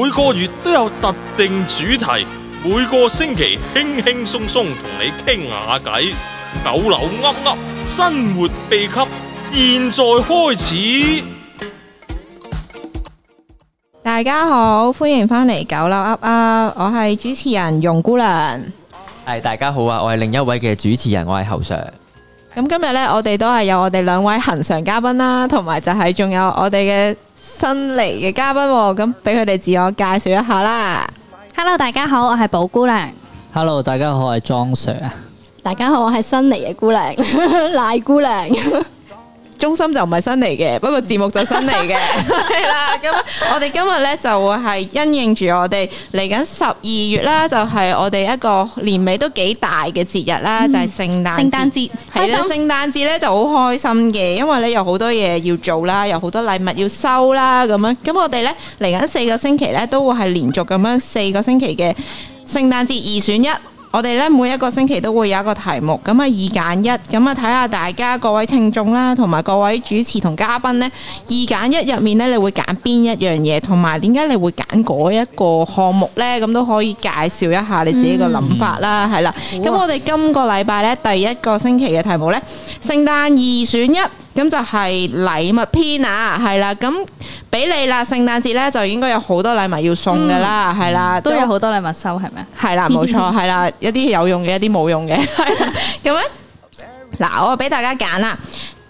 每個月都有特定主題，每個星期輕輕鬆鬆同你傾下偈。 九樓鴨鴨生活秘笈，現在開始。大家好，歡迎翻嚟九樓鴨鴨，我係主持人容姑娘。係，大家好啊，我係另一位嘅主持人，我係侯 Sir。咁今日呢，我哋都係有我哋兩位恒常嘉賓啦，同埋就係仲有我哋嘅。新嚟嘅嘉賓，咁俾佢哋自我介紹一下啦。Hello，大家好，我係寶姑娘。Hello，大家好，我係莊 Sir 啊。大家好，我係新嚟嘅姑娘賴姑娘。中心就唔係新嚟嘅，不過節目就新嚟嘅。係啦，咁。 我哋今日咧就會係因應住我哋嚟緊十二月啦，就係、是、我哋一個年尾都幾大嘅節日啦，嗯、就係聖誕。聖誕節係啦，聖誕節咧就好開心嘅，因為咧有好多嘢要做啦，有好多禮物要收啦，咁樣。咁我哋咧嚟緊四個星期咧都會係連續咁樣四個星期嘅聖誕節二選一。我哋咧每一個星期都會有一個題目，咁啊二揀一，咁啊睇下大家各位聽眾啦，同埋各位主持同嘉賓呢。二揀一入面呢，你會揀邊一樣嘢，同埋點解你會揀嗰一個項目呢？咁都可以介紹一下你自己嘅諗法啦，係啦。咁我哋今個禮拜呢，第一個星期嘅題目呢，聖誕二選一，咁就係禮物篇啊，係啦，咁。俾你啦！聖誕節咧就應該有好多禮物要送噶啦，係啦，都有好多禮物收，係咪啊？係啦，冇錯，係啦，一啲有用嘅，一啲冇用嘅，咁咧，嗱，我俾大家揀啦，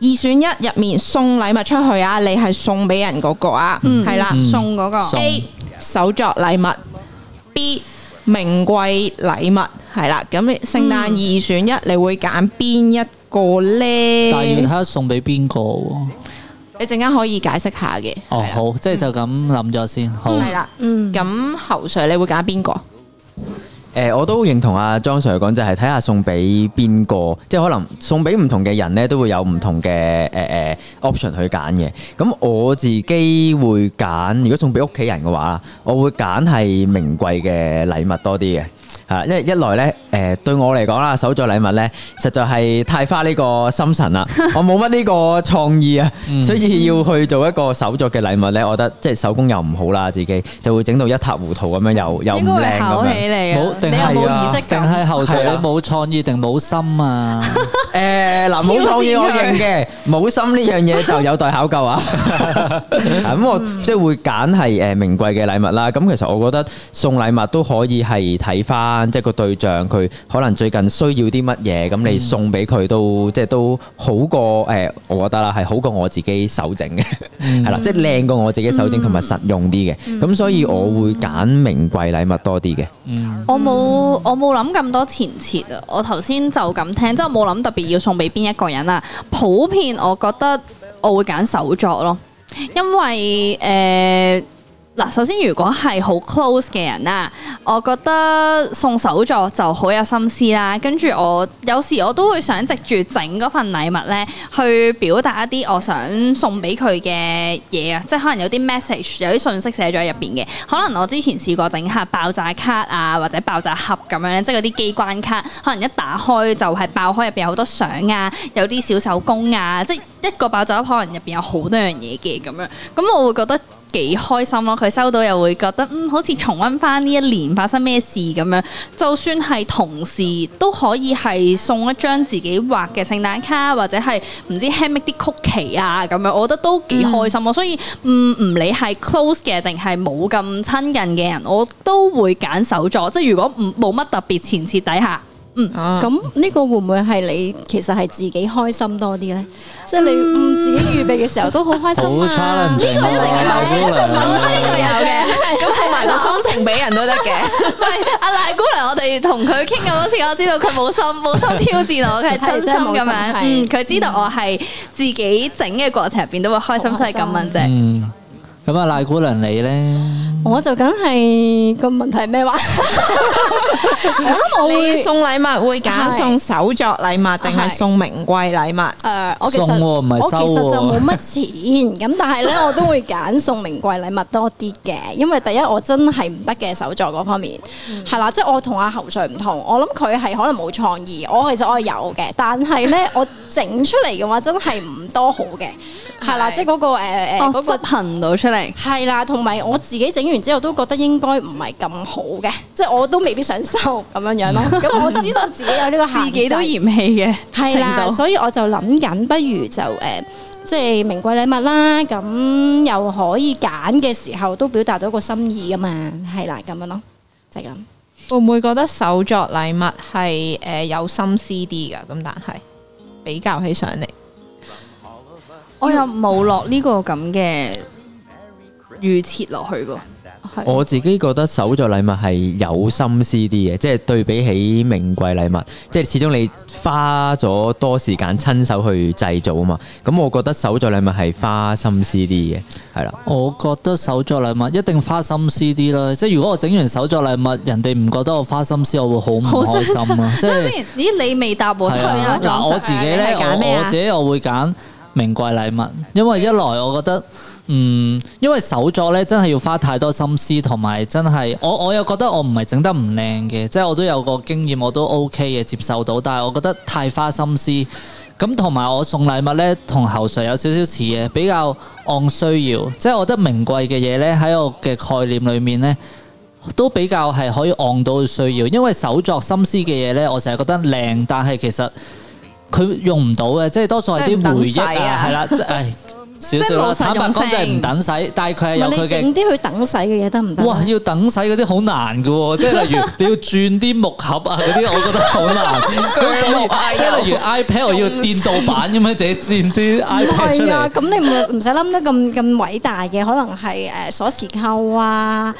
二選一入面送禮物出去啊，你係送俾人嗰個啊，嗯，係啦，送嗰個 A 手作禮物，B 名貴禮物，係啦，咁你聖誕二選一，你會揀邊一個咧？但係要睇送俾邊個。你陣間可以解釋下嘅哦，好，即係就咁諗咗先，好係啦，嗯，咁侯 Sir 你會揀邊個？誒，我都認同阿張 Sir 講，就係睇下送俾邊個，即係可能送俾唔同嘅人咧，都會有唔同嘅誒誒 option 去揀嘅。咁我自己會揀，如果送俾屋企人嘅話，我會揀係名貴嘅禮物多啲嘅。啊，因為一來咧，誒，對我嚟講啦，手作禮物咧，實在係太花呢個心神啦。我冇乜呢個創意啊，所以要去做一個手作嘅禮物咧，我覺得即係手工又唔好啦，自己就會整到一塌糊塗咁樣，又又唔靚咁樣。冇，你有冇意識？定係後生？你冇創意定冇心啊？誒，嗱，冇創意我認嘅，冇心呢樣嘢就有待考究啊。咁我即係會揀係誒名貴嘅禮物啦。咁其實我覺得送禮物都可以係睇返。即係個對象，佢可能最近需要啲乜嘢，咁你送俾佢都、嗯、即係都好過誒、欸，我覺得啦係好過我自己手整嘅，係啦、嗯， 即係靚過我自己手整同埋實用啲嘅，咁、嗯、所以我會揀名貴禮物多啲嘅、嗯。我冇我冇諗咁多前設啊，我頭先就咁聽，即係冇諗特別要送俾邊一個人啦。普遍我覺得我會揀手作咯，因為誒。呃嗱，首先如果係好 close 嘅人啦，我覺得送手作就好有心思啦。跟住我有時我都會想藉住整嗰份禮物咧，去表達一啲我想送俾佢嘅嘢啊，即係可能有啲 message，有啲信息寫咗喺入邊嘅。可能我之前試過整下爆炸卡啊，或者爆炸盒咁樣，即係嗰啲機關卡，可能一打開就係爆開入邊有好多相啊，有啲小手工啊，即係一個爆炸盒可能入邊有好多樣嘢嘅咁樣，咁我會覺得。幾開心咯，佢收到又會覺得嗯，好似重温翻呢一年發生咩事咁樣。就算係同事都可以係送一張自己畫嘅聖誕卡，或者係唔知 handmake 啲曲奇啊咁樣，我覺得都幾開心咯。嗯、所以唔唔理係 close 嘅定係冇咁親近嘅人，我都會揀手作。即係如果唔冇乜特別前設底下。嗯，咁呢個會唔會係你其實係自己開心多啲咧？即係你自己預備嘅時候都好開心啊！呢個一定有嘅，咁送埋個心情俾人都得嘅。唔係阿賴姑娘，我哋同佢傾嘅嗰次，我知道佢冇心冇心挑戰我，佢係真心咁樣。嗯，佢知道我係自己整嘅過程入邊都會開心，所以咁問啫。咁啊，賴姑娘你咧，我就梗係個問題係咩話？嗯、我都會送禮物，會揀送手作禮物定係對送名貴禮物？誒、呃，我其實、啊啊、我其實就冇乜錢咁， 但係咧，我都會揀送名貴禮物多啲嘅。因為第一，我真係唔得嘅，手作嗰方面係、嗯、啦，即係我同阿侯瑞唔同。我諗佢係可能冇創意，我其實我係有嘅，但係咧， 我整出嚟嘅話真係唔多好嘅。係啦， 即係、那、嗰個誒誒嗰個頻道出嚟係啦，同埋我自己整完之後都覺得應該唔係咁好嘅，即係我都未必想。受咁樣樣咯，咁我知道自己有呢個限制，自己都嫌棄嘅。係啦，所以我就諗緊，不如就誒，即係名貴禮物啦，咁又可以揀嘅時候，都表達到一個心意㗎嘛，係啦，咁樣咯，就係咁。會唔會覺得手作禮物係誒有心思啲噶？咁但係比較起上嚟，我又冇落呢個咁嘅預設落去噃。我自己覺得手作禮物係有心思啲嘅，即係對比起名貴禮物，即係始終你花咗多時間親手去製造啊嘛。咁我覺得手作禮物係花心思啲嘅，係啦。我覺得手作禮物一定花心思啲啦，即係如果我整完手作禮物，人哋唔覺得我花心思，我會好唔開心啊。即係你未答我？啊，我自己咧，我自己我會揀名貴禮物，因為一來我覺得。嗯，因為手作咧，真係要花太多心思，同埋真係我我又覺得我唔係整得唔靚嘅，即係我都有個經驗，我都 OK 嘅接受到，但係我覺得太花心思。咁同埋我送禮物咧，同侯 Sir 有少少似嘅，比較按需要。即係我覺得名貴嘅嘢咧，喺我嘅概念裏面咧，都比較係可以按到需要。因為手作心思嘅嘢咧，我成日覺得靚，但係其實佢用唔到嘅，即係多數係啲回憶啊，係啦，即係。 少少即係唔等使，但有你整啲去等使嘅嘢得唔得？哇！要等使嗰啲好難㗎喎，即係例如你要轉啲木盒啊嗰啲， 我覺得好難。即係例如 iPad，我要電動版咁樣，你知唔啲 iPad 出嚟係啊，咁你唔唔使諗得咁咁偉大嘅，可能係誒鎖匙扣啊。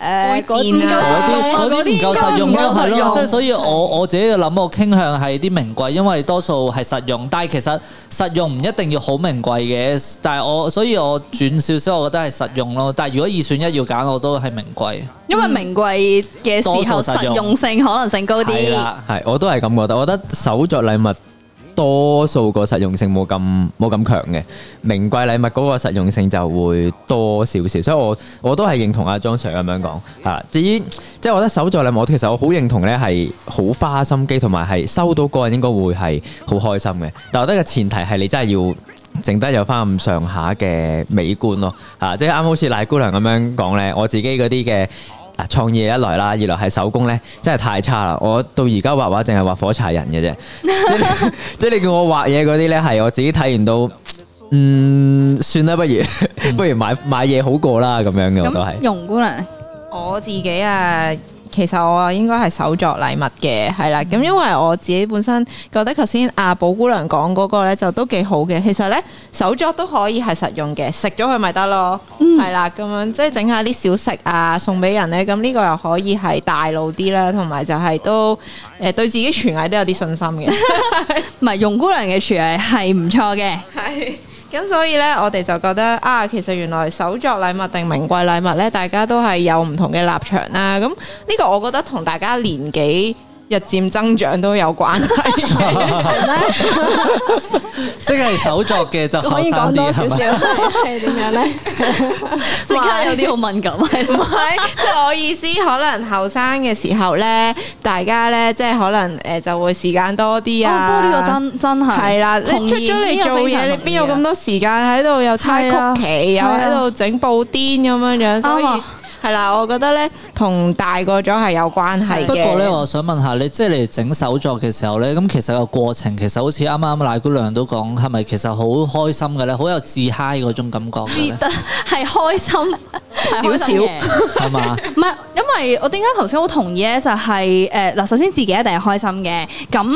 誒，嗰啲嗰啲唔夠實用咯，係咯，即係了的所以我我自己嘅諗，我傾向係啲名貴，因為多數係實用，但係其實實用唔一定要好名貴嘅，但係我所以我轉少少，我覺得係實用咯，但係如果二選一要揀，我都係名貴，嗯，因為名貴嘅時候實用性可能性高啲。係啦，係，我都係咁覺得，我覺得手作禮物。多數個實用性冇咁冇咁強嘅，名貴禮物嗰個實用性就會多少少，所以我我都係認同阿張 Sir 咁樣講係，啊、至於即係，我覺得手作禮物，其實我好認同咧，係好花心機，同埋係收到個人應該會係好開心嘅。但我覺得嘅前提係你真係要剩得有翻咁上下嘅美觀咯，吓、啊、即係啱好似賴姑娘咁樣講咧，我自己嗰啲嘅。啊！創意一來啦，二來係手工咧，真係太差啦！我到而家畫畫淨係畫火柴人嘅啫， 即係你叫我畫嘢嗰啲咧，係我自己睇完到，嗯，算啦，不如、嗯、 不如買買嘢好過啦咁樣嘅都係。容姑娘，我自己啊。其實我應該係手作禮物嘅，係啦，咁因為我自己本身覺得頭先阿寶姑娘講嗰個呢就都幾好嘅。其實呢，手作都可以係實用嘅，食咗佢咪得咯，係啦，咁樣即係整下啲小食啊送俾人呢，咁呢個又可以係大路啲啦，同埋就係都誒、呃、對自己廚藝都有啲信心嘅。唔係容姑娘嘅廚藝係唔錯嘅，係。 咁所以咧，我哋就覺得啊，其實原來手作禮物定名貴禮物咧，大家都係有唔同嘅立場啦，啊。咁呢個我覺得同大家年紀日漸增長都有關係，即係手作嘅就可以講多少少，係點樣咧？即係有啲好敏感，係唔係？即係我意思，可能後生嘅時候咧，大家咧，即係可能誒就會時間多啲啊！哦，呢個真真係係啦。你出咗嚟做嘢，你邊有咁多時間喺度又猜曲奇，又喺度整布丁咁樣樣。所以係啦，我覺得咧同大個咗係有關係嘅。的不過咧，我想問下你，即係你整手作嘅時候咧，咁其實個過程，其實好似啱啱賴姑娘都講，係咪其實好開心嘅咧，好有自嗨嗰種感覺咧？係開心少少，係嘛？唔係，因為我點解頭先好同意咧？就係、是、誒，嗱、呃，首先自己一定係開心嘅，咁。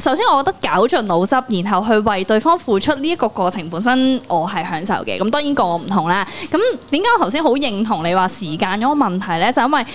首先，我覺得攪盡腦汁，然後去為對方付出呢一個過程，本身我係享受嘅。咁當然個個唔同啦。咁點解我頭先好認同你話時間嗰個問題呢？就因為。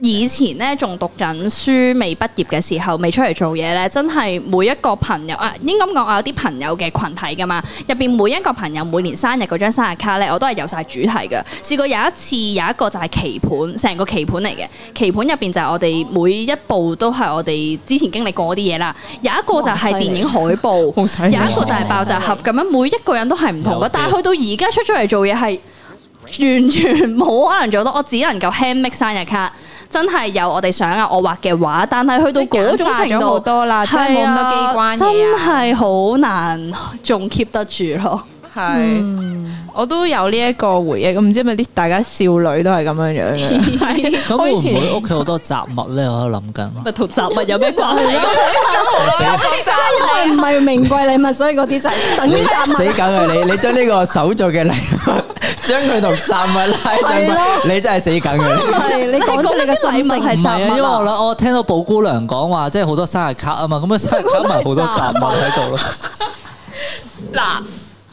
以前咧，仲讀緊書，未畢業嘅時候，未出嚟做嘢咧，真係每一個朋友啊，應該講我有啲朋友嘅群體㗎嘛，入邊每一個朋友每年生日嗰張生日卡咧，我都係有晒主題嘅。試過有一次有一個就係棋盤，成個棋盤嚟嘅，棋盤入邊就係我哋每一步都係我哋之前經歷過啲嘢啦。有一個就係電影海報，有一個就係爆炸盒咁樣，每一個人都係唔同嘅。但係去到而家出咗嚟做嘢係完全冇可能做到，我只能夠 hand make 生日卡。真係有我哋想啊，我畫嘅畫，但係去到嗰種程度，多喇，真係冇乜機關、啊、真係好難，仲 keep 得住咯。係、嗯，的我都有呢一個回憶。咁唔知係咪啲大家少女都係咁樣樣？咁 的 會唔會屋企好多雜物咧？我都諗緊。咪同雜物有咩關係？即係、 啊、 因為唔係名貴禮物，所以嗰啲就係等於雜物。死梗係你，你將呢個手做嘅禮物。將佢同雜物拉上，去 的， 你真係死梗嘅。你講出你嘅屬性係雜因啦。我聽到寶姑娘講話，即係好多生日卡啊嘛，咁樣卡咪好多雜物喺度咯。嗱。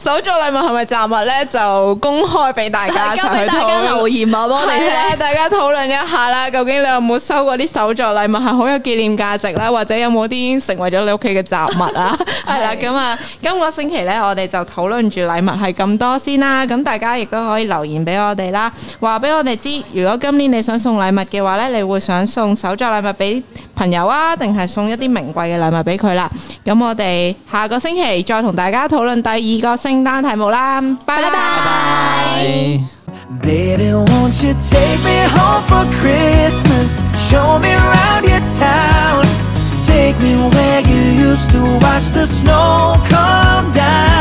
手作禮物係咪雜物呢？就公開俾大家一齊去討論啊！係啊，的 大家討論一下啦。究竟你有冇收過啲手作禮物係好有紀念價值啦，或者有冇啲成為咗你屋企嘅雜物啊？係啦 的，咁 啊，今個星期呢，我哋就討論住禮物係咁多先啦。咁大家亦都可以留言俾我哋啦，話俾我哋知。如果今年你想送禮物嘅話呢，你會想送手作禮物俾？朋友啊，定係送一啲名貴嘅禮物俾佢喇。咁我哋下個星期再同大家討論第二個聖誕題目啦。拜拜。